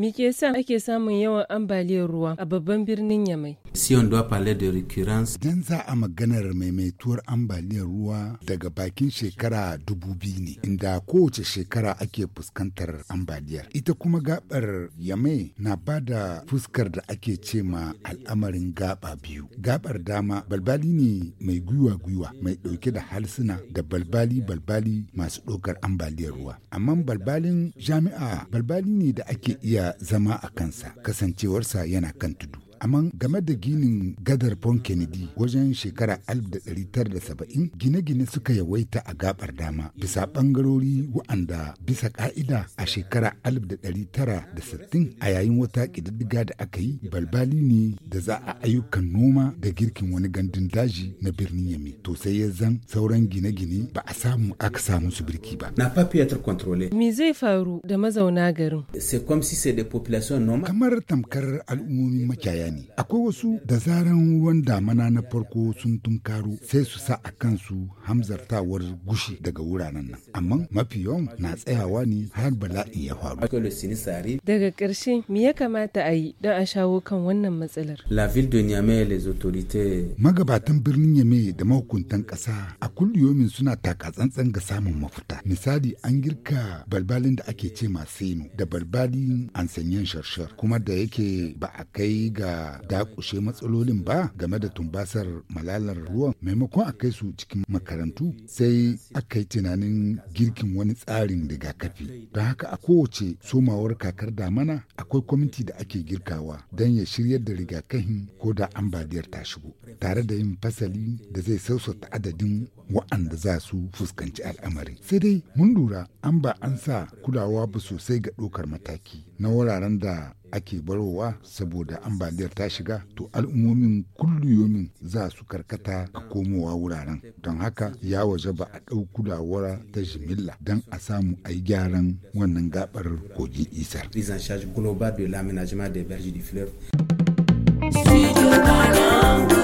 Me ke sa ake samun yawan ambaliyar ruwa a babban birnin Yamai? Si on doit de recurrence. Dan za a maganar maimaituwar ambaliyar ruwa daga bakin shekara dubu biyu ne, inda kowace shekara ake fuskantar ambaliyar. Ita kuma gabar yamai na ba da fuskar da ake ce ma al'amarin gaba biyu. Gabar dama balbali ne mai gwiwa-gwiwa mai ɗauke da halsuna da balbali-balbali masu ɗaukar ambaliyar ruwa. Amma balbalin jami'a balbali ne da ake iya zama a kansa, kasancewarsa yana kan tudu. Amma game da ginin gadar Pon Kennedy wajen shekara 1970 gine-gine suka yawaita a gabar dama bisa bangarori wa'anda bisa ka'ida a shekara 1960 a yayin wata kididdiga da aka yi balbali ne da za a ayyukan noma da girkin wani gandun daji na birnin yami To sai ya zan sauran gine-gine ba a samu aka samu su birki ba. Na kontrole. Me zai faru da mazauna garin? C'est comme si Kamar tamkar al'ummomin makiyaya bayani. Akwai wasu da zaran ruwan damana na farko sun tunkaro sai su sa a kansu hamzartawar gushi daga wuraren nan. Amma mafi yawan na tsayawa ne har bala'i ya faru. Daga ƙarshe me ya kamata a yi don a shawo kan wannan matsalar? Magabatan birnin Yame da mahukuntan ƙasa a kulliyomin suna taka tsantsan ga samun mafuta. Misali an girka balbalin da ake ce masu da balbalin an sanyen sharshar kuma da yake ba a kai ga da dakushe matsalolin ba game da tumbasar malalar ruwan maimakon a kai su cikin makarantu sai aka yi tunanin girkin wani tsarin rigakafi don haka a kowace somawar kakar damana akwai kwamiti da ake girkawa don ya shiryar da rigakafin ko da ambaliyar ta shigo tare da yin fasali da zai sausata adadin wa'anda za su fuskanci al'amari. sai dai mun lura an ba an sa kulawa ba sosai ga ɗaukar mataki na wuraren da ake barowa saboda ambaliyar ta shiga to al'ummomin kulliyomin za su karkata a komowa wuraren don haka ya waje ba a ɗau kulawar ta jimilla don a samu a yi gyaran wannan gabar kogin isar. Studio Banangu.